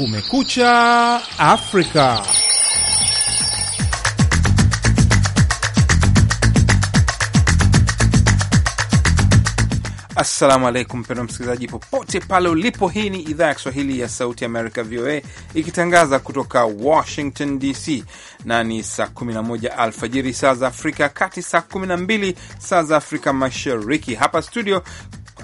Kumekucha Afrika. Assalamu alaikum, mpendwa msikilizaji, popote pale ulipo. Hii ni idhaa ya Kiswahili ya Sauti Amerika, VOA, ikitangaza kutoka Washington DC, na ni saa 11 alfajiri saa za Afrika ya Kati, saa 12 saa za Afrika Mashariki. Hapa studio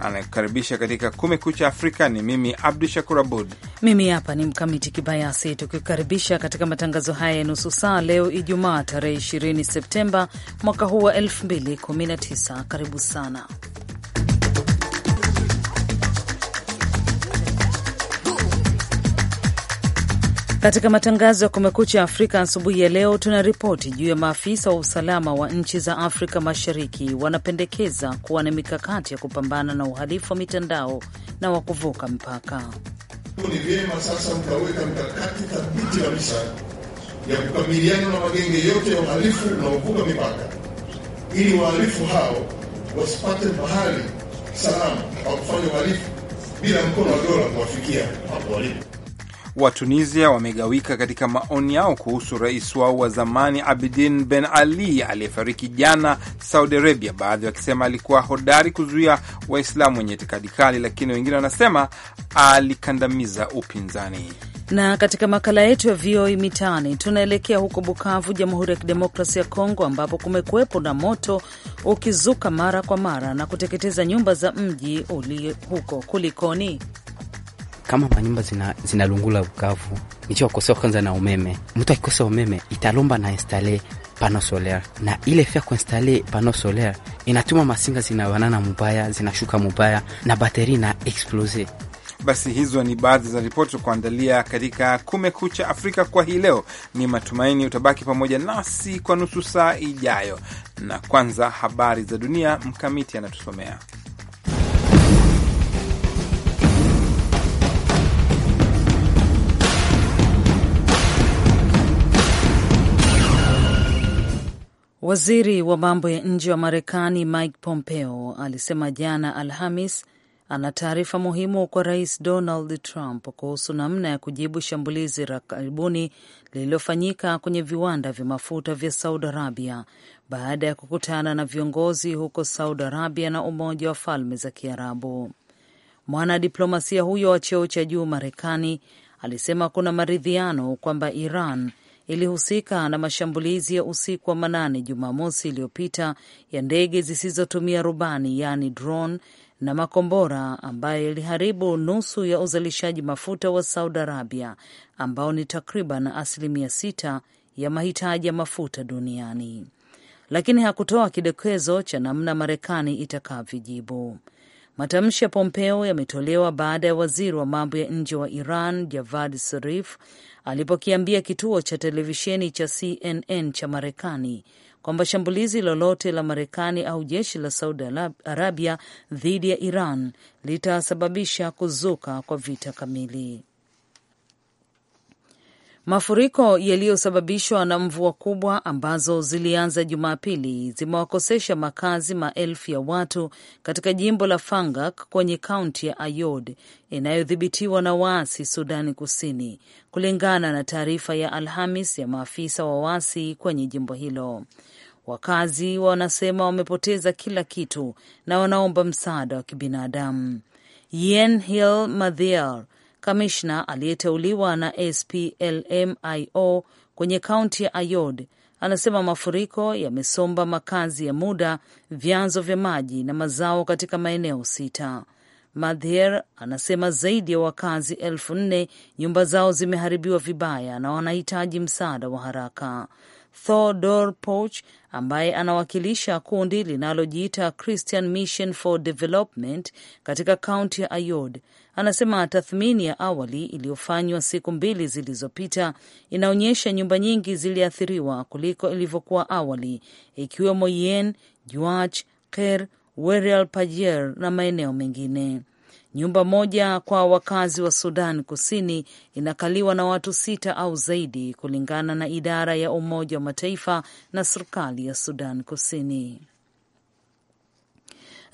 anayekaribisha katika Kumekucha Afrika ni mimi Abdu Shakur Abud. Mimi hapa ni Mkamiti Kibayasi, tukikaribisha katika matangazo haya ya nusu saa leo Ijumaa tarehe 20 Septemba mwaka huu wa 2019. Karibu sana Katika matangazo ya Kumekucha Afrika asubuhi ya leo, tuna ripoti juu ya maafisa wa usalama wa nchi za Afrika Mashariki wanapendekeza kuwa na mikakati ya kupambana na uhalifu wa mitandao na wa kuvuka mpaka. Ni vyema sasa mkaweka mikakati thabiti kabisa ya kukabiliana na magenge yote ya uhalifu unaovuka mipaka, ili wahalifu hao wasipate mahali salama pa kufanya uhalifu bila mkono wa dola kuwafikia hapo walipo wa Tunisia wamegawika katika maoni yao kuhusu rais wao wa zamani Abidin Ben Ali aliyefariki jana Saudi Arabia, baadhi wakisema alikuwa hodari kuzuia Waislamu wenye itikadi kali, lakini wengine wanasema alikandamiza upinzani na katika makala yetu ya VOA Mitaani tunaelekea huko Bukavu, Jamhuri ya Kidemokrasia ya Kongo, ambapo kumekuwepo na moto ukizuka mara kwa mara na kuteketeza nyumba za mji uli huko. Kulikoni? kama manyumba zinalungula zina nicho nichiwakosewa kwanza na umeme. Mtu akikosa umeme italomba na instale pano solaire, na ile fya kuinstale pano solaire inatuma masinga zinawanana mubaya, zinashuka mubaya na bateri na explose. Basi hizo ni baadhi za ripoti za kuandalia katika Kumekucha Afrika kwa hii leo. Ni matumaini utabaki pamoja nasi kwa nusu saa ijayo, na kwanza habari za dunia. Mkamiti anatusomea. Waziri wa mambo ya nje wa Marekani Mike Pompeo alisema jana Alhamis ana taarifa muhimu kwa Rais Donald Trump kuhusu namna ya kujibu shambulizi la karibuni lililofanyika kwenye viwanda vya mafuta vya Saudi Arabia baada ya kukutana na viongozi huko Saudi Arabia na Umoja wa Falme za Kiarabu. Mwanadiplomasia huyo wa cheo cha juu Marekani alisema kuna maridhiano kwamba Iran ilihusika na mashambulizi ya usiku wa manane Jumamosi iliyopita ya ndege zisizotumia rubani yaani drone na makombora ambayo yaliharibu nusu ya uzalishaji mafuta wa Saudi Arabia ambao ni takriban asilimia sita ya mahitaji ya mafuta duniani, lakini hakutoa kidokezo cha namna Marekani itakavyojibu. Matamshi ya Pompeo yametolewa baada ya waziri wa mambo ya nje wa Iran Javad Zarif alipokiambia kituo cha televisheni cha CNN cha Marekani kwamba shambulizi lolote la Marekani au jeshi la Saudi Arabia dhidi ya Iran litasababisha kuzuka kwa vita kamili. Mafuriko yaliyosababishwa na mvua kubwa ambazo zilianza Jumapili zimewakosesha makazi maelfu ya watu katika jimbo la Fangak kwenye kaunti ya Ayod inayodhibitiwa na waasi Sudani Kusini, kulingana na taarifa ya Alhamis ya maafisa wa waasi kwenye jimbo hilo. Wakazi wanasema wamepoteza kila kitu na wanaomba msaada wa kibinadamu. Yen Hill Mathiar Kamishna aliyeteuliwa na SPLMIO kwenye kaunti ya Ayod anasema mafuriko yamesomba makazi ya muda, vyanzo vya maji na mazao katika maeneo sita. Madhier anasema zaidi ya wakazi elfu nne nyumba zao zimeharibiwa vibaya na wanahitaji msaada wa haraka. Thodor Poch ambaye anawakilisha kundi linalojiita Christian Mission for Development katika kaunti ya Ayod anasema tathmini ya awali iliyofanywa siku mbili zilizopita inaonyesha nyumba nyingi ziliathiriwa kuliko ilivyokuwa awali, ikiwemo Yen, Juach, Ker, Werial Pajer na maeneo mengine. Nyumba moja kwa wakazi wa Sudan Kusini inakaliwa na watu sita au zaidi, kulingana na idara ya Umoja wa Mataifa na serikali ya Sudan Kusini.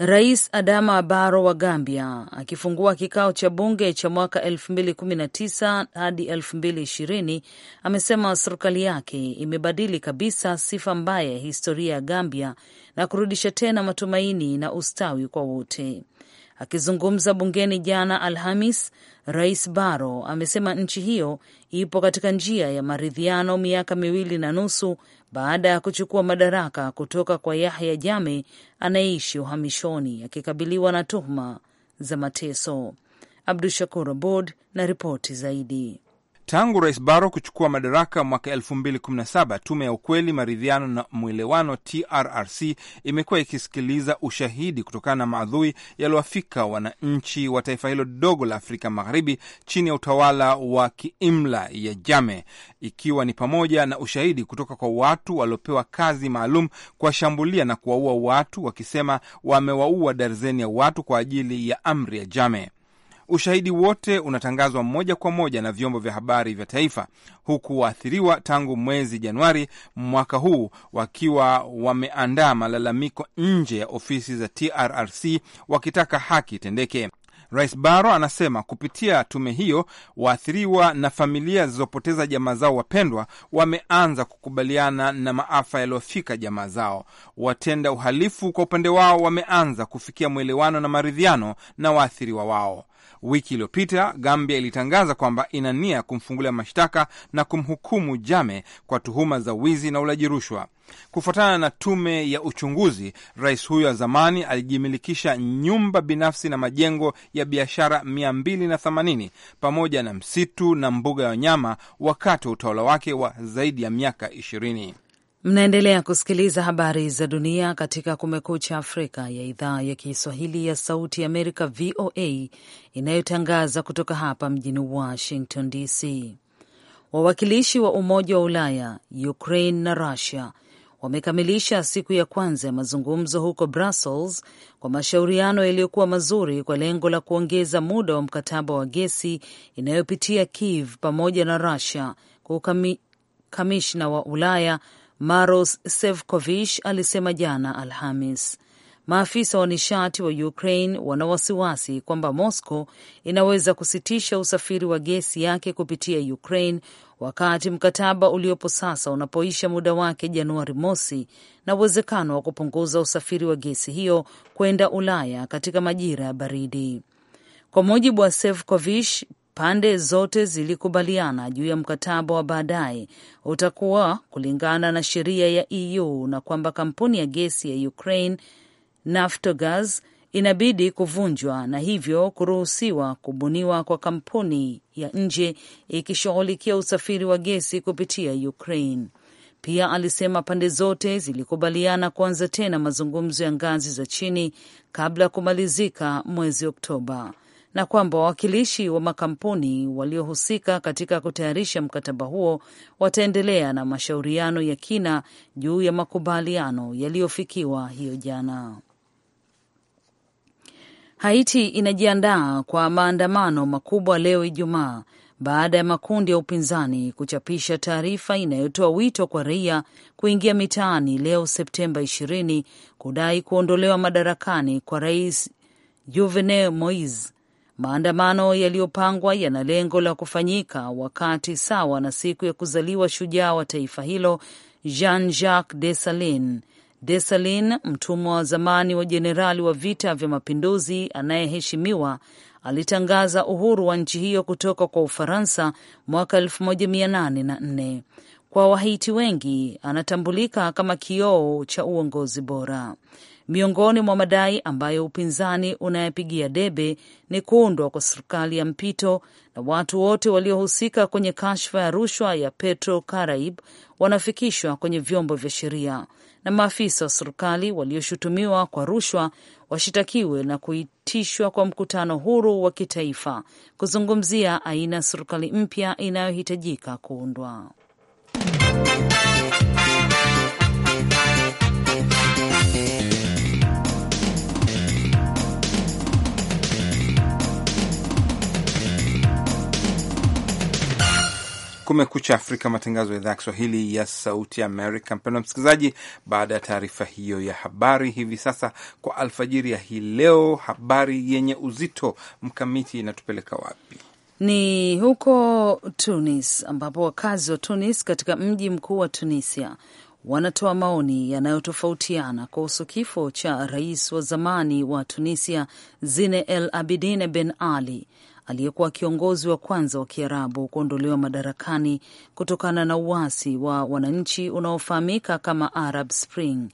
Rais Adama Barrow wa Gambia akifungua kikao cha bunge cha mwaka 2019 hadi 2020 amesema serikali yake imebadili kabisa sifa mbaya ya historia ya Gambia na kurudisha tena matumaini na ustawi kwa wote. Akizungumza bungeni jana Alhamis, Rais baro amesema nchi hiyo ipo katika njia ya maridhiano miaka miwili na nusu baada ya kuchukua madaraka kutoka kwa Yahya jame anayeishi uhamishoni akikabiliwa na tuhuma za mateso. Abdu Shakur Abod na ripoti zaidi. Tangu Rais Barrow kuchukua madaraka mwaka 2017 tume ya ukweli, maridhiano na mwelewano TRRC imekuwa ikisikiliza ushahidi kutokana na maadhui yaliowafika wananchi wa taifa hilo dogo la Afrika Magharibi chini ya utawala wa kiimla ya Jame, ikiwa ni pamoja na ushahidi kutoka kwa watu waliopewa kazi maalum kuwashambulia na kuwaua watu, wakisema wamewaua darzeni ya watu kwa ajili ya amri ya Jame. Ushahidi wote unatangazwa moja kwa moja na vyombo vya habari vya taifa, huku waathiriwa tangu mwezi Januari mwaka huu wakiwa wameandaa malalamiko nje ya ofisi za TRRC wakitaka haki itendeke. Rais Barrow anasema kupitia tume hiyo waathiriwa na familia zilizopoteza jamaa zao wapendwa wameanza kukubaliana na maafa yaliyofika jamaa zao. Watenda uhalifu kwa upande wao wameanza kufikia mwelewano na maridhiano na waathiriwa wao. Wiki iliyopita Gambia ilitangaza kwamba ina nia ya kumfungulia mashtaka na kumhukumu Jame kwa tuhuma za wizi na ulaji rushwa. Kufuatana na tume ya uchunguzi, rais huyo wa zamani alijimilikisha nyumba binafsi na majengo ya biashara 280 pamoja na msitu na mbuga ya wanyama wakati wa utawala wake wa zaidi ya miaka ishirini Mnaendelea kusikiliza habari za dunia katika Kumekucha Afrika ya idhaa ya Kiswahili ya Sauti ya Amerika, VOA, inayotangaza kutoka hapa mjini Washington DC. Wawakilishi wa Umoja wa Ulaya, Ukraine na Russia wamekamilisha siku ya kwanza ya mazungumzo huko Brussels kwa mashauriano yaliyokuwa mazuri kwa lengo la kuongeza muda wa mkataba wa gesi inayopitia Kiev pamoja na Russia kwa ukamishna wa Ulaya Maros Sefcovic alisema jana Alhamis. Maafisa wa nishati wa Ukraine wana wasiwasi kwamba Moscow inaweza kusitisha usafiri wa gesi yake kupitia Ukraine wakati mkataba uliopo sasa unapoisha muda wake Januari mosi na uwezekano wa kupunguza usafiri wa gesi hiyo kwenda Ulaya katika majira ya baridi. Kwa mujibu wa Sefcovic, Pande zote zilikubaliana juu ya mkataba wa baadaye utakuwa kulingana na sheria ya EU na kwamba kampuni ya gesi ya Ukraine Naftogaz inabidi kuvunjwa na hivyo kuruhusiwa kubuniwa kwa kampuni ya nje ikishughulikia usafiri wa gesi kupitia Ukraine. Pia alisema pande zote zilikubaliana kuanza tena mazungumzo ya ngazi za chini kabla ya kumalizika mwezi Oktoba na kwamba wawakilishi wa makampuni waliohusika katika kutayarisha mkataba huo wataendelea na mashauriano ya kina juu ya makubaliano yaliyofikiwa hiyo jana. Haiti inajiandaa kwa maandamano makubwa leo Ijumaa baada ya makundi ya upinzani kuchapisha taarifa inayotoa wito kwa raia kuingia mitaani leo Septemba 20 kudai kuondolewa madarakani kwa rais Juvenel Moise Maandamano yaliyopangwa yana lengo la kufanyika wakati sawa na siku ya kuzaliwa shujaa wa taifa hilo Jean-Jacques Dessalin. Dessalin, mtumwa wa zamani wa jenerali wa vita vya mapinduzi anayeheshimiwa, alitangaza uhuru wa nchi hiyo kutoka kwa Ufaransa mwaka 1804. Kwa Wahaiti wengi anatambulika kama kioo cha uongozi bora. Miongoni mwa madai ambayo upinzani unayapigia debe ni kuundwa kwa serikali ya mpito na watu wote waliohusika kwenye kashfa ya rushwa ya Petro Karaib wanafikishwa kwenye vyombo vya sheria na maafisa wa serikali walioshutumiwa kwa rushwa washitakiwe na kuitishwa kwa mkutano huru wa kitaifa kuzungumzia aina ya serikali mpya inayohitajika kuundwa. Kumekucha Afrika, matangazo ya idhaa ya Kiswahili ya Sauti Amerika. Mpendwa msikilizaji, baada ya taarifa hiyo ya habari, hivi sasa kwa alfajiri ya hii leo, habari yenye uzito mkamiti inatupeleka wapi? Ni huko Tunis, ambapo wakazi wa Tunis katika mji mkuu wa Tunisia wanatoa maoni yanayotofautiana kuhusu kifo cha rais wa zamani wa Tunisia Zine El Abidine Ben Ali aliyekuwa kiongozi wa kwanza wa Kiarabu kuondolewa madarakani kutokana na uasi wa wananchi unaofahamika kama Arab Spring.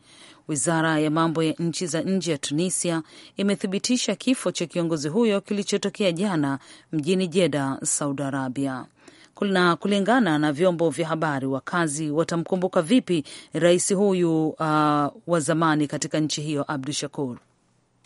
Wizara ya mambo ya nchi za nje ya Tunisia imethibitisha kifo cha kiongozi huyo kilichotokea jana mjini Jeddah, Saudi Arabia. Na kulingana na vyombo vya habari, wakazi watamkumbuka vipi rais huyu uh, wa zamani katika nchi hiyo Abdu Shakur?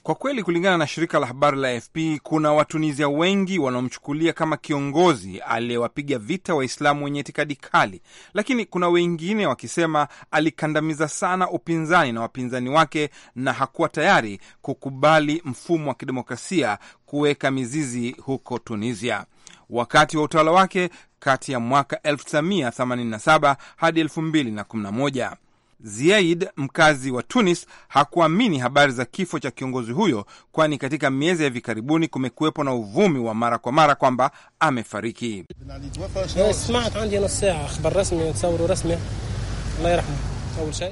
Kwa kweli, kulingana na shirika la habari la AFP, kuna Watunisia wengi wanaomchukulia kama kiongozi aliyewapiga vita Waislamu wenye itikadi kali, lakini kuna wengine wakisema alikandamiza sana upinzani na wapinzani wake na hakuwa tayari kukubali mfumo wa kidemokrasia kuweka mizizi huko Tunisia wakati wa utawala wake kati ya mwaka 1987 hadi 2011. Ziaid, mkazi wa Tunis, hakuamini habari za kifo cha kiongozi huyo, kwani katika miezi ya hivi karibuni kumekuwepo na uvumi wa mara kwa mara kwamba amefariki.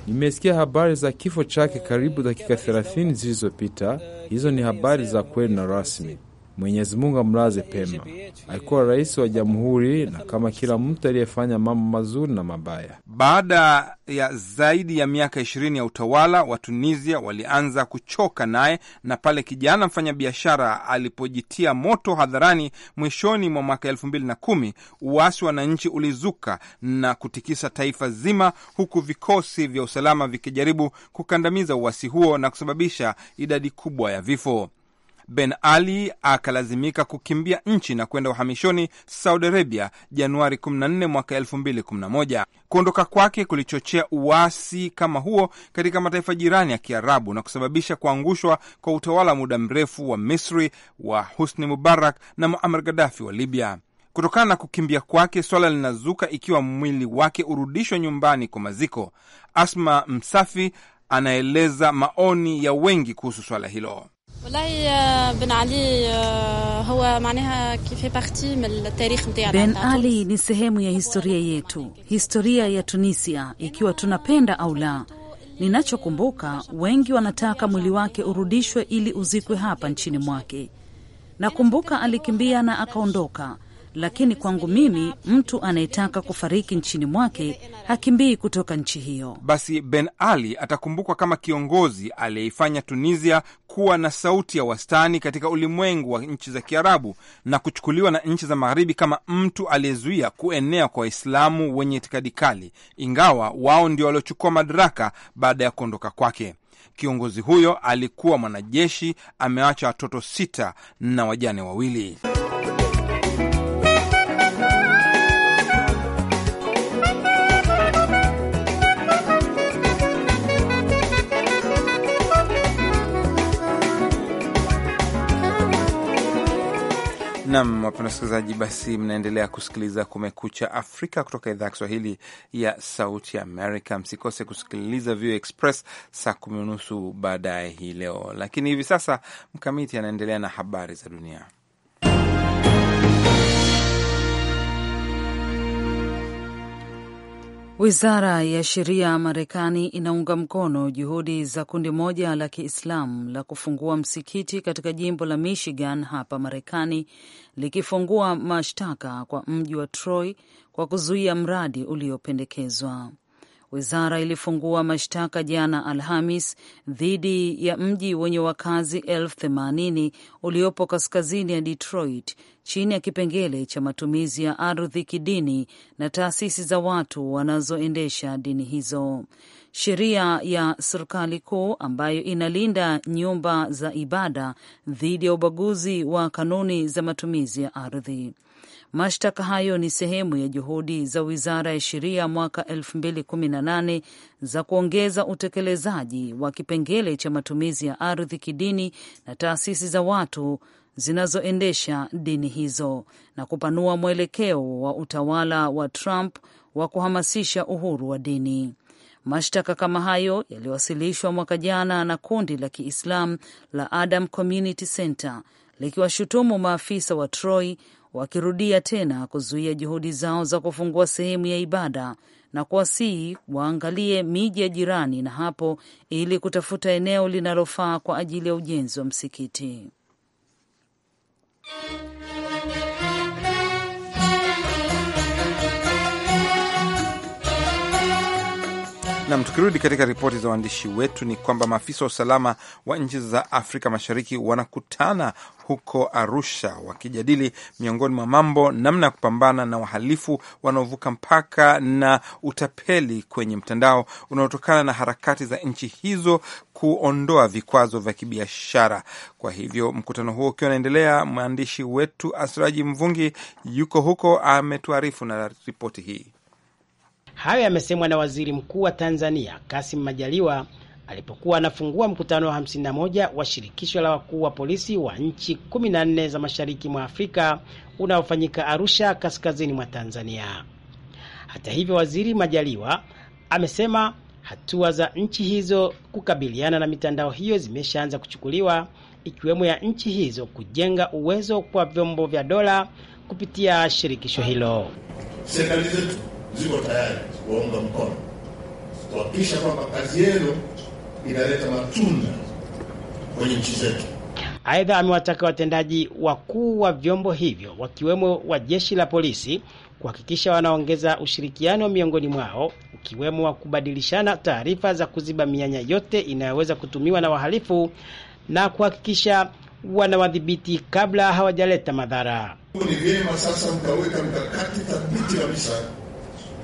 Nimesikia habari za kifo chake karibu dakika 30 zilizopita. Hizo ni habari za kweli na rasmi. Mwenyezi Mungu amlaze pema. Alikuwa rais wa jamhuri na kama kila mtu aliyefanya mambo mazuri na mabaya. Baada ya zaidi ya miaka ishirini ya utawala wa Tunisia walianza kuchoka naye, na pale kijana mfanyabiashara alipojitia moto hadharani mwishoni mwa mwaka elfu mbili na kumi, uasi wa wananchi ulizuka na kutikisa taifa zima, huku vikosi vya usalama vikijaribu kukandamiza uasi huo na kusababisha idadi kubwa ya vifo. Ben Ali akalazimika kukimbia nchi na kwenda uhamishoni Saudi Arabia Januari 14 mwaka 2011. Kuondoka kwake kulichochea uasi kama huo katika mataifa jirani ya Kiarabu na kusababisha kuangushwa kwa utawala wa muda mrefu wa Misri wa Husni Mubarak na Muammar Gaddafi wa Libya. Kutokana na kukimbia kwake, swala linazuka ikiwa mwili wake urudishwe nyumbani kwa maziko. Asma Msafi anaeleza maoni ya wengi kuhusu swala hilo. Ben Ali ni sehemu ya historia yetu, historia ya Tunisia, ikiwa tunapenda au la. Ninachokumbuka, wengi wanataka mwili wake urudishwe ili uzikwe hapa nchini mwake. Nakumbuka alikimbia na akaondoka lakini kwangu mimi mtu anayetaka kufariki nchini mwake hakimbii kutoka nchi hiyo. Basi Ben Ali atakumbukwa kama kiongozi aliyeifanya Tunisia kuwa na sauti ya wastani katika ulimwengu wa nchi za Kiarabu na kuchukuliwa na nchi za Magharibi kama mtu aliyezuia kuenea kwa Waislamu wenye itikadi kali, ingawa wao ndio waliochukua madaraka baada ya kuondoka kwake. Kiongozi huyo alikuwa mwanajeshi, amewacha watoto sita na wajane wawili. Nam, wapenda wasikilizaji, basi mnaendelea kusikiliza Kumekucha Afrika kutoka idhaa ya Kiswahili ya Sauti Amerika. Msikose kusikiliza VOA Express saa kumi unusu baadaye hii leo, lakini hivi sasa Mkamiti anaendelea na habari za dunia. Wizara ya sheria ya Marekani inaunga mkono juhudi za kundi moja la Kiislamu la kufungua msikiti katika jimbo la Michigan hapa Marekani, likifungua mashtaka kwa mji wa Troy kwa kuzuia mradi uliopendekezwa. Wizara ilifungua mashtaka jana Alhamis dhidi ya mji wenye wakazi elfu themanini uliopo kaskazini ya Detroit chini ya kipengele cha matumizi ya ardhi kidini na taasisi za watu wanazoendesha dini hizo. Sheria ya serikali kuu ambayo inalinda nyumba za ibada dhidi ya ubaguzi wa kanuni za matumizi ya ardhi. Mashtaka hayo ni sehemu ya juhudi za wizara ya sheria mwaka 2018 za kuongeza utekelezaji wa kipengele cha matumizi ya ardhi kidini na taasisi za watu zinazoendesha dini hizo na kupanua mwelekeo wa utawala wa Trump wa kuhamasisha uhuru wa dini. Mashtaka kama hayo yaliwasilishwa mwaka jana na kundi la Kiislamu la Adam Community Center likiwashutumu maafisa wa Troy wakirudia tena kuzuia juhudi zao za kufungua sehemu ya ibada na kuwasihi waangalie miji ya jirani na hapo ili kutafuta eneo linalofaa kwa ajili ya ujenzi wa msikiti. Nam, tukirudi katika ripoti za waandishi wetu ni kwamba maafisa wa usalama wa nchi za Afrika Mashariki wanakutana huko Arusha wakijadili miongoni mwa mambo namna ya kupambana na wahalifu wanaovuka mpaka na utapeli kwenye mtandao unaotokana na harakati za nchi hizo kuondoa vikwazo vya kibiashara. Kwa hivyo mkutano huo ukiwa unaendelea, mwandishi wetu Asiraji Mvungi yuko huko, ametuarifu na ripoti hii. Hayo yamesemwa na Waziri Mkuu wa Tanzania kasim Majaliwa alipokuwa anafungua mkutano wa 51 wa shirikisho la wakuu wa polisi wa nchi 14 za mashariki mwa Afrika unaofanyika Arusha, kaskazini mwa Tanzania. Hata hivyo, Waziri Majaliwa amesema hatua za nchi hizo kukabiliana na mitandao hiyo zimeshaanza kuchukuliwa, ikiwemo ya nchi hizo kujenga uwezo kwa vyombo vya dola kupitia shirikisho hilo. Serikali zetu ziko tayari kuwaunga mkono kuhakikisha kwamba kazi yenu inaleta matunda kwenye nchi zetu. Aidha, amewataka watendaji wakuu wa vyombo hivyo wakiwemo wa jeshi la polisi kuhakikisha wanaongeza ushirikiano miongoni mwao ukiwemo wa kubadilishana taarifa za kuziba mianya yote inayoweza kutumiwa na wahalifu na kuhakikisha wanawadhibiti kabla hawajaleta madhara. Ni vyema sasa mkaweka mkakati thabiti kabisa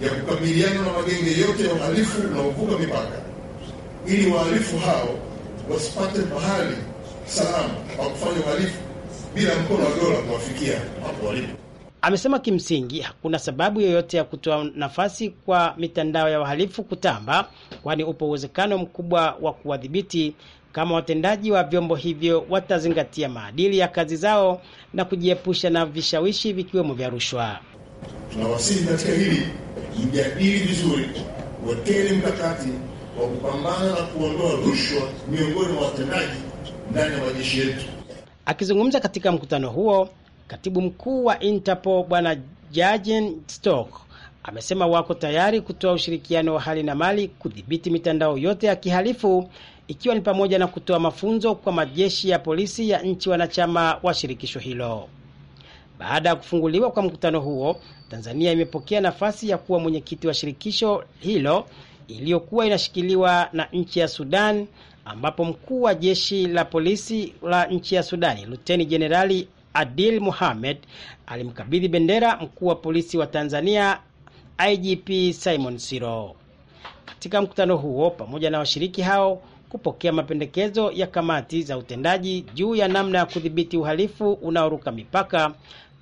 ya kukabiliana na magenge yote ya uhalifu unaovuka mipaka, ili wahalifu hao wasipate mahali salama pa kufanya uhalifu bila mkono wa dola kuwafikia hapo walipo. Amesema kimsingi hakuna sababu yoyote ya kutoa nafasi kwa mitandao ya wahalifu kutamba, kwani upo uwezekano mkubwa wa kuwadhibiti kama watendaji wa vyombo hivyo watazingatia maadili ya kazi zao na kujiepusha na vishawishi vikiwemo vya rushwa. Tunawasihi katika hili mjadili vizuri, wekeni mkakati wa kupambana na kuondoa rushwa miongoni mwa watendaji ndani ya majeshi yetu. Akizungumza katika mkutano huo, katibu mkuu wa Interpol Bwana Jajen Stock amesema wako tayari kutoa ushirikiano wa hali na mali kudhibiti mitandao yote ya kihalifu ikiwa ni pamoja na kutoa mafunzo kwa majeshi ya polisi ya nchi wanachama wa shirikisho hilo. Baada ya kufunguliwa kwa mkutano huo, Tanzania imepokea nafasi ya kuwa mwenyekiti wa shirikisho hilo iliyokuwa inashikiliwa na nchi ya Sudan, ambapo mkuu wa jeshi la polisi la nchi ya Sudani Luteni Jenerali Adil Mohamed alimkabidhi bendera mkuu wa polisi wa Tanzania IGP Simon Siro. Katika mkutano huo, pamoja na washiriki hao kupokea mapendekezo ya kamati za utendaji juu ya namna ya kudhibiti uhalifu unaoruka mipaka,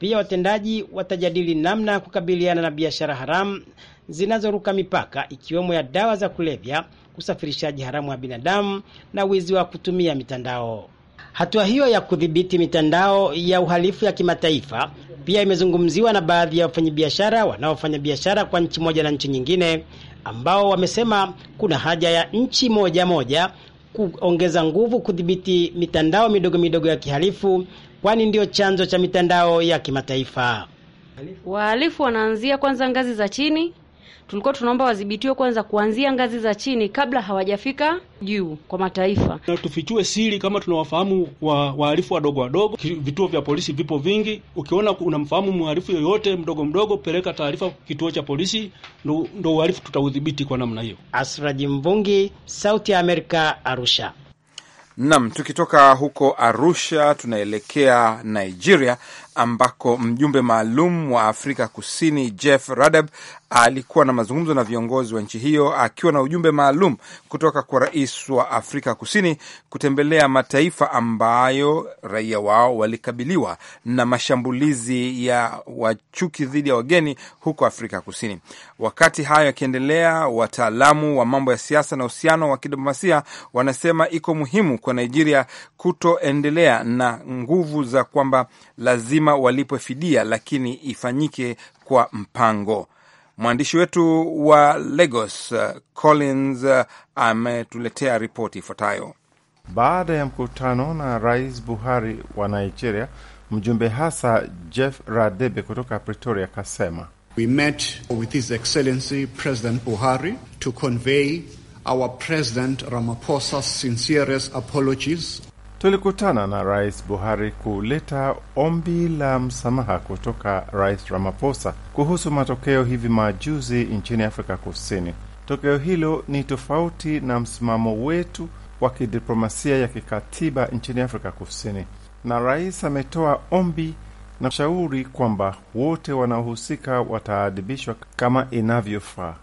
pia watendaji watajadili namna ya kukabiliana na biashara haramu zinazoruka mipaka ikiwemo ya dawa za kulevya, usafirishaji haramu wa binadamu na wizi wa kutumia mitandao. Hatua hiyo ya kudhibiti mitandao ya uhalifu ya kimataifa pia imezungumziwa na baadhi ya wafanyabiashara wanaofanya biashara kwa nchi moja na nchi nyingine, ambao wamesema kuna haja ya nchi moja moja kuongeza nguvu kudhibiti mitandao midogo midogo ya kihalifu kwani ndio chanzo cha mitandao ya kimataifa. Wahalifu wanaanzia kwanza ngazi za chini. Tulikuwa tunaomba wadhibitiwe kwanza kuanzia ngazi za chini kabla hawajafika juu kwa mataifa. Na tufichue siri kama tunawafahamu wa wahalifu wadogo wadogo. Vituo vya polisi vipo vingi. Ukiona unamfahamu mhalifu yoyote mdogo mdogo, peleka taarifa kituo cha polisi, ndo uhalifu tutaudhibiti kwa namna hiyo. Asraji Mvungi, Sauti ya Amerika, Arusha. Nam, tukitoka huko Arusha tunaelekea Nigeria ambako mjumbe maalum wa Afrika Kusini Jeff Radab alikuwa na mazungumzo na viongozi wa nchi hiyo akiwa na ujumbe maalum kutoka kwa rais wa Afrika Kusini kutembelea mataifa ambayo raia wao walikabiliwa na mashambulizi ya wachuki dhidi ya wageni huko Afrika Kusini. Wakati hayo yakiendelea, wataalamu wa mambo ya siasa na uhusiano wa kidiplomasia wanasema iko muhimu kwa Nigeria kutoendelea na nguvu za kwamba lazima walipwe fidia, lakini ifanyike kwa mpango. Mwandishi wetu wa Lagos uh, Collins uh, ametuletea ripoti ifuatayo. Baada ya mkutano na Rais Buhari wa Nigeria, mjumbe hasa Jeff Radebe kutoka Pretoria kasema We met with His Excellency President Buhari to convey our President Ramaphosa's sincerest apologies tulikutana na Rais Buhari kuleta ombi la msamaha kutoka Rais Ramaphosa kuhusu matokeo hivi majuzi nchini Afrika Kusini. Tokeo hilo ni tofauti na msimamo wetu wa kidiplomasia ya kikatiba nchini Afrika Kusini, na rais ametoa ombi na shauri kwamba wote wanaohusika wataadhibishwa kama inavyofaa.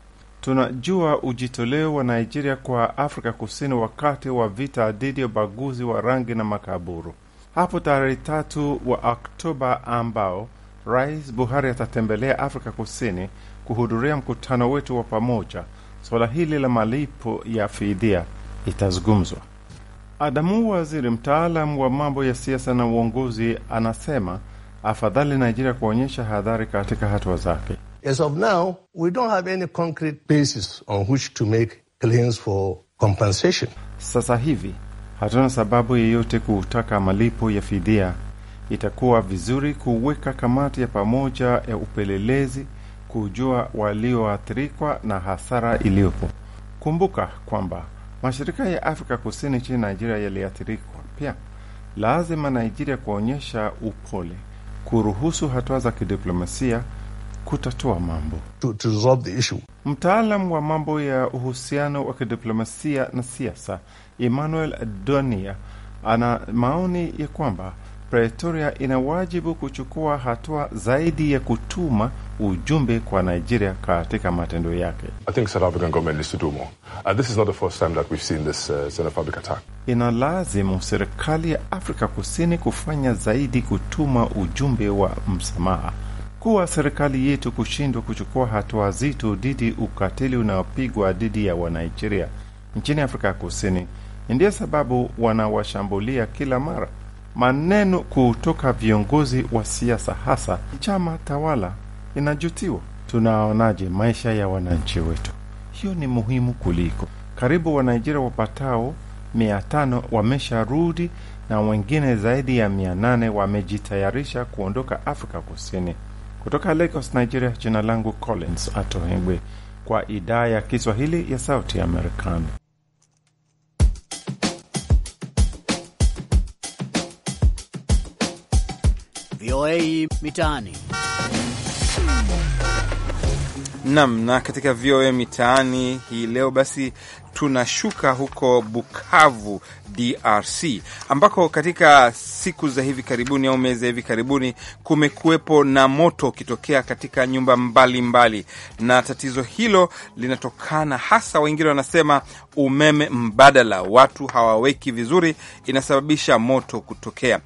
Tunajua ujitoleo wa Nigeria kwa Afrika Kusini wakati wa vita dhidi ya ubaguzi wa rangi na makaburu. Hapo tarehe tatu wa Oktoba ambao Rais Buhari atatembelea Afrika Kusini kuhudhuria mkutano wetu wa pamoja, suala hili la malipo ya fidia itazungumzwa. Adamu, waziri mtaalamu wa mambo ya siasa na uongozi, anasema afadhali Nigeria kuonyesha hadhari katika hatua zake. As of now, we don't have any concrete basis on which to make claims for compensation. Sasa hivi hatuna sababu yeyote kutaka malipo ya fidia. Itakuwa vizuri kuweka kamati ya pamoja ya upelelezi kujua walioathirikwa na hasara iliyopo. Kumbuka kwamba mashirika ya Afrika Kusini nchini Nigeria yaliathirikwa pia. Lazima Nigeria kuonyesha upole, kuruhusu hatua za kidiplomasia kutatua mambo to, to resolve the issue. Mtaalam wa mambo ya uhusiano wa kidiplomasia na siasa Emmanuel Donia ana maoni ya kwamba Pretoria ina wajibu kuchukua hatua zaidi ya kutuma ujumbe kwa Nigeria katika matendo yake. Uh, ina lazimu serikali ya Afrika Kusini kufanya zaidi kutuma ujumbe wa msamaha kuwa serikali yetu kushindwa kuchukua hatua zito dhidi ukatili unaopigwa dhidi ya Wanigeria nchini Afrika Kusini ndiyo sababu wanawashambulia kila mara. Maneno kutoka viongozi wa siasa, hasa chama tawala, inajutiwa. Tunaonaje maisha ya wananchi wetu? Hiyo ni muhimu kuliko. Karibu Wanigeria wapatao mia tano wamesharudi na wengine zaidi ya mia nane wamejitayarisha kuondoka Afrika Kusini. Kutoka Lagos, Nigeria, jina langu Collins Atohengwe kwa idaa ya Kiswahili ya Sauti ya Amerikani. VOA Mitaani. Nam na katika VOA Mitaani hii leo basi tunashuka huko Bukavu, DRC, ambako katika siku za hivi karibuni au miezi ya hivi karibuni kumekuwepo na moto ukitokea katika nyumba mbalimbali mbali. Na tatizo hilo linatokana hasa, wengine wanasema umeme mbadala watu hawaweki vizuri, inasababisha moto kutokea.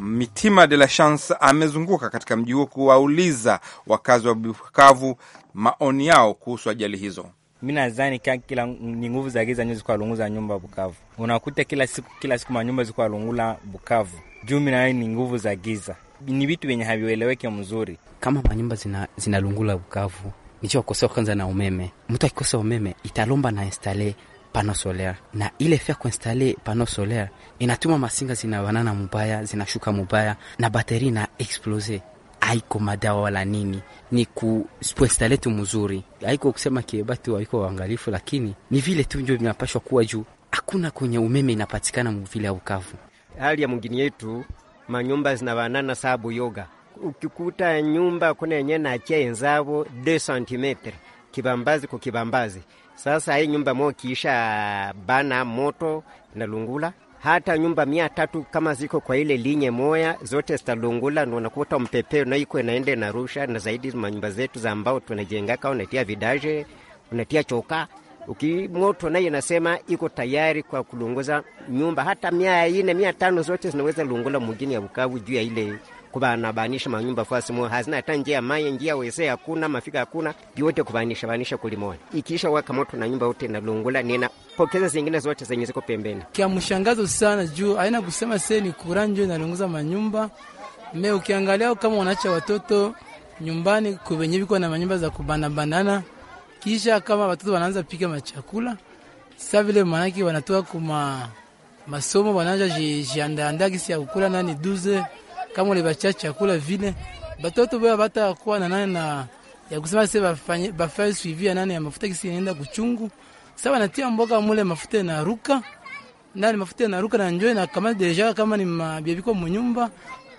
Mitima de la Chance amezunguka katika mji huo kuwauliza wakazi wa Bukavu maoni yao kuhusu ajali hizo. Mi nadhani kila ni nguvu za giza nyo zikwalunguza nyumba Bukavu, unakuta kila siku kila siku manyumba zikwalungula Bukavu juu mi nawe ni nguvu za giza, ni vitu vyenye havieleweki mzuri. Kama manyumba zinalungula zina Bukavu nichiwakosewa kwanza na umeme, mtu akikosa umeme italomba na instale pano solaire na ile fya kuinstale pano solaire inatuma masinga zinawanana mubaya, zinashuka mubaya na bateri na explose haiko madawa wala nini, ni ku letu mzuri, haiko kusema kiebatu waiko waangalifu, lakini ni vile tu ndio vinapashwa kuwa juu hakuna kwenye umeme inapatikana muvile ya Bukavu. Hali ya mwingine yetu manyumba zinabanana sabu yoga ukikuta nyumba kuna yenye naachia enzavo 2 cm kibambazi kwa kibambazi. Sasa hii nyumba mokiisha bana moto lungula hata nyumba mia tatu kama ziko kwa ile linye moya zote zitalungula, ndo unakuta mpepeo na iko inaenda inarusha. Na zaidi manyumba zetu za ambao tunajenga tunajengaka, unatia vidaje, unatia choka ukimoto naye nasema iko tayari kwa kulunguza nyumba hata mia ine mia tano zote zinaweza lungula mugini ya Bukavu juu ya ile kubanabanisha manyumba fasi mo hazina hata njia ya maye njia wese hakuna mafika hakuna, yote kubanisha banisha kulimoa Ikiisha waka moto na nyumba yote inalungula nina pokeza zingine zote zenye ziko pembeni. Kia mshangazo sana juu aina kusema se ni kura njo inalunguza manyumba me, ukiangalia kama wanaacha watoto nyumbani kuwenye viko na manyumba za kubanabanana, kisha kama watoto wanaanza pika machakula sa vile manaki wanatoa kuma masomo wanaanza jiandaandaa kisi ya kukula nani duze kama ulibacha chakula vile batoto bwa batakuwa na nani na ya kusema se bafanye bafanye suivi ya nani ya mafuta kisi inaenda kuchungu sawa, natia mboga mule mafuta na ruka ndani, mafuta na ruka na njoo na kama deja kama ni mabibiko mnyumba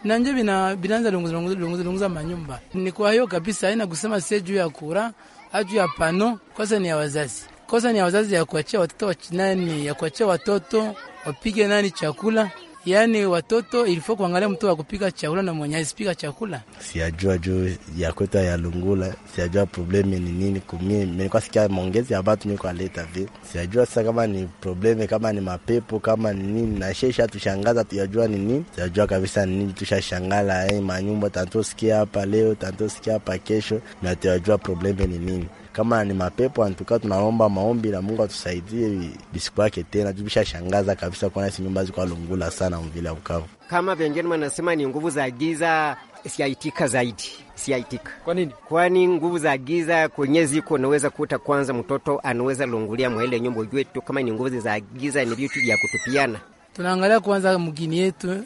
na nje bina binanza lunguza lunguza lunguza manyumba. Ni kwa hiyo kabisa haina kusema sije juu ya kura haju ya pano, kosa ni ya wazazi, kosa ni ya wazazi ya kuachia watoto nani, ya kuachia watoto wapige nani chakula Yani watoto ilifo kuangalia mtu kupika chakula na mwenye asipika chakula. Siyajua juu ya kwetu ya Lungula, siyajua probleme ni nini kumie. Nilikuwa sikia maongezi ya batu niko aleta vi, Siyajua sasa kama ni probleme, kama ni mapepo, kama ni nini na shesha tushangaza tuyajua ni nini. siajua kabisa ni nini tushashangala eh, manyumba tanto sikia hapa leo, tanto sikia hapa kesho na tuyajua probleme ni nini kama ni mapepo antuka, tunaomba maombi na Mungu atusaidie bisiku yake tena. shangaza kabisa kuona hizi nyumba ziko alungula sana mvile ya Bukavu. Kama vengine wanasema ni nguvu za giza, siaitika zaidi siaitika. Kwa nini? Kwani nguvu za giza kwenye ziko naweza kuta kwanza, mtoto anaweza lungulia mwele nyumba, ujue tu kama ni nguvu za giza, ni vitu vya kutupiana. Tunaangalia kwanza mgini yetu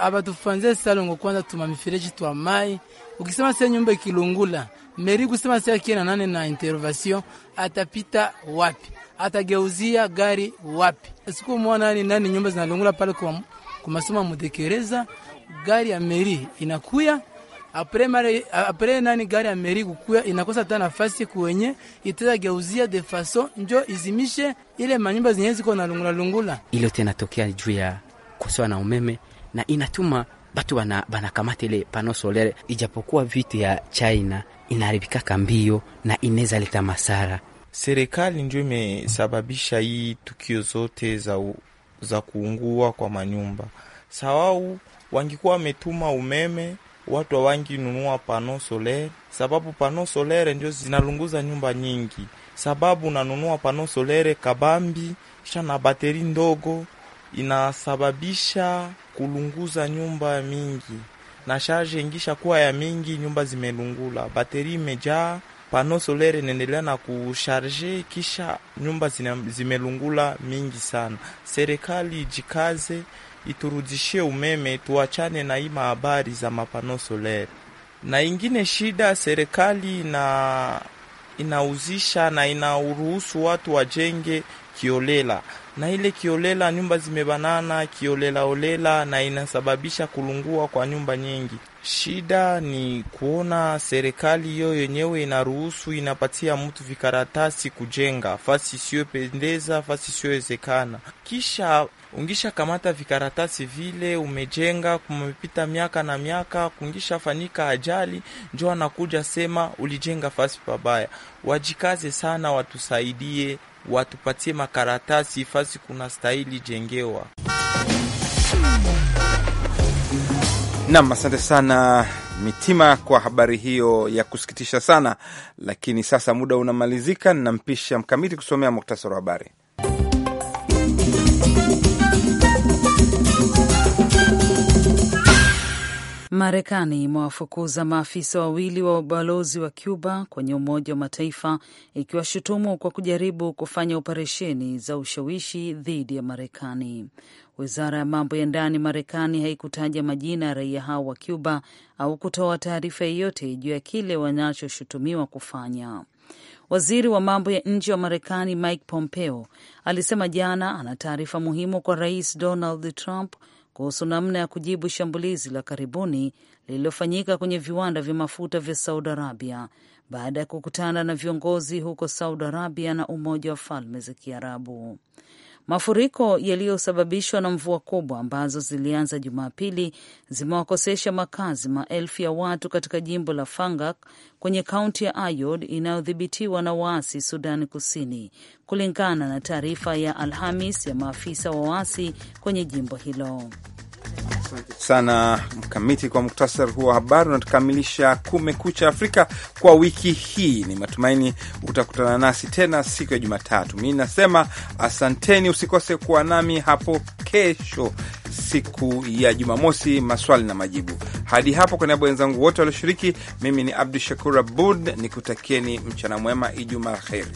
abatufanze salongo kwanza, tuma mifereji twa mai, ukisema se nyumba ikilungula meri kusema saa kina nane na intervention, atapita wapi? Atageuzia gari wapi? siku mwana nani nani, nyumba zinalungula pale kwa kumasoma mudekereza, gari ya meri inakuya apre mare apre nani, gari ya meri kukuya inakosa tena nafasi kwenye geuzia de faso njo izimishe ile manyumba zinyezi kwa nalungula lungula lungula. Ile tena tokea juu ya kusoa na umeme na inatuma batu banakamata ile pano solaire, ijapokuwa vitu ya China inaharibikaka kambio na ineza leta masara. Serikali ndio imesababisha hii tukio zote za, u, za kuungua kwa manyumba sawau. Wangikuwa wametuma umeme, watu hawangi nunua pano solaire, sababu pano solaire ndio zinalunguza nyumba nyingi, sababu unanunua pano solaire kabambi kisha na bateri ndogo inasababisha kulunguza nyumba mingi, na sharge ingisha kuwa ya mingi, nyumba zimelungula, bateri imejaa, pano solaire inaendelea na kusharge, kisha nyumba zimelungula mingi sana. Serikali jikaze, iturudishie umeme, tuachane na hii mahabari za mapano solaire. Na ingine shida, serikali ina inauzisha na inauruhusu watu wajenge kiolela, na ile kiolela nyumba zimebanana kiolelaolela, na inasababisha kulungua kwa nyumba nyingi. Shida ni kuona serikali hiyo yenyewe inaruhusu, inapatia mtu vikaratasi kujenga fasi isiyopendeza, fasi isiyowezekana, kisha ungisha kamata vikaratasi vile umejenga, kumepita miaka na miaka, kungisha fanyika ajali, njo anakuja sema ulijenga fasi pabaya. Wajikaze sana, watusaidie watupatie makaratasi fasi kuna stahili jengewa. Nam, asante sana Mitima kwa habari hiyo ya kusikitisha sana. Lakini sasa muda unamalizika, nampisha Mkamiti kusomea muktasari wa habari. Marekani imewafukuza maafisa wawili wa ubalozi wa Cuba kwenye Umoja wa Mataifa ikiwashutumu kwa kujaribu kufanya operesheni za ushawishi dhidi ya Marekani. Wizara ya mambo ya ndani Marekani haikutaja majina ya raia hao wa Cuba au kutoa taarifa yoyote juu ya kile wanachoshutumiwa kufanya. Waziri wa mambo ya nje wa Marekani Mike Pompeo alisema jana ana taarifa muhimu kwa Rais Donald Trump kuhusu namna ya kujibu shambulizi la karibuni lililofanyika kwenye viwanda vya mafuta vya Saudi Arabia baada ya kukutana na viongozi huko Saudi Arabia na Umoja wa Falme za Kiarabu. Mafuriko yaliyosababishwa na mvua kubwa ambazo zilianza Jumapili zimewakosesha makazi maelfu ya watu katika jimbo la Fangak kwenye kaunti ya Ayod inayodhibitiwa na waasi sudani Kusini, kulingana na taarifa ya Alhamis ya maafisa wa waasi kwenye jimbo hilo sana Mkamiti kwa muktasar huo wa habari. Unatukamilisha Kumekucha Afrika kwa wiki hii. Ni matumaini utakutana nasi tena siku ya Jumatatu. Mi nasema asanteni, usikose kuwa nami hapo kesho, siku ya Jumamosi, maswali na majibu. Hadi hapo, kwa niaba wenzangu wote walioshiriki, mimi ni Abdu Shakur Abud nikutakieni mchana mwema, Ijumaa kheri.